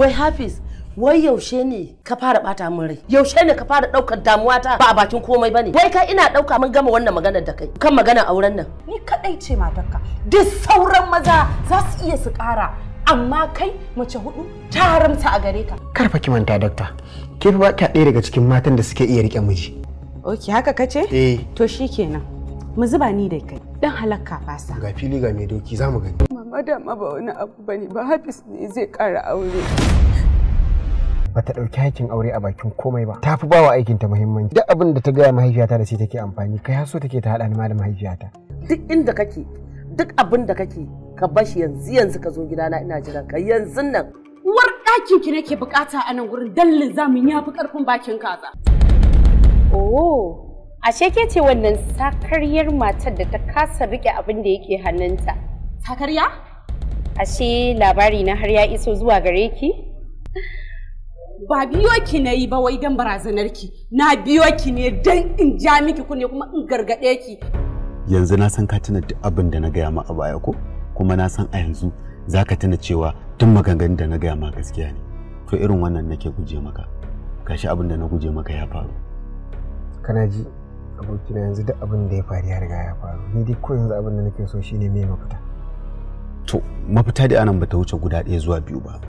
wai hafiz wai yaushe ne ka fara bata min rai yaushe ne ka fara daukar damuwa ta ba a bakin komai bane wai kai ina dauka mun gama wannan maganar da kai kan maganar auren nan ni kadai ce matarka duk sauran maza za su iya su kara amma kai mace hudu ta haramta a gare ka karfa ki manta ke fa ba ki ɗaya daga cikin matan da suke iya rike miji ok haka kace eh to shikenan mu zuba ni da kai dan halakka fasa ga fili ga mai doki zamu gani amma ma ba wani abu bane ba Hafiz ne zai kara aure bata ɗauki hakkin aure a bakin komai ba ta fi ba wa aikinta muhimmanci duk abin da ta gaya mahaifiyata da shi take amfani kai so take ta haɗa ni da mahaifiyata duk inda kake duk abin da kake ka bashi yanzu yanzu ka zo gidana ina jiran ka yanzu nan uwar ɗakin ki nake bukata a nan gurin dallin zamu ya fi ƙarfin bakin kaza oh ashe ke ce wannan sakaryar matar da ta kasa rike abin da yake hannunta Ta karya? Ashe labari na har ya iso zuwa gare ki? Ba biyo ki na yi ba wai don barazanar ki, na biyo ki ne don in ja miki kune kuma in gargaɗe ki. Yanzu na san ka tuna duk abin da na gaya ma a baya ko? Kuma na san a yanzu za ka tuna cewa tun maganganun da na gaya ma gaskiya ne. To irin wannan nake guje maka. Gashi abin da na guje maka ya faru. Kana ji abokina yanzu duk abin da ya faru ya riga ya faru. Ni dai ko yanzu abin da nake so shine mai mafita. to mafita da anan bata wuce guda ɗaya zuwa biyu ba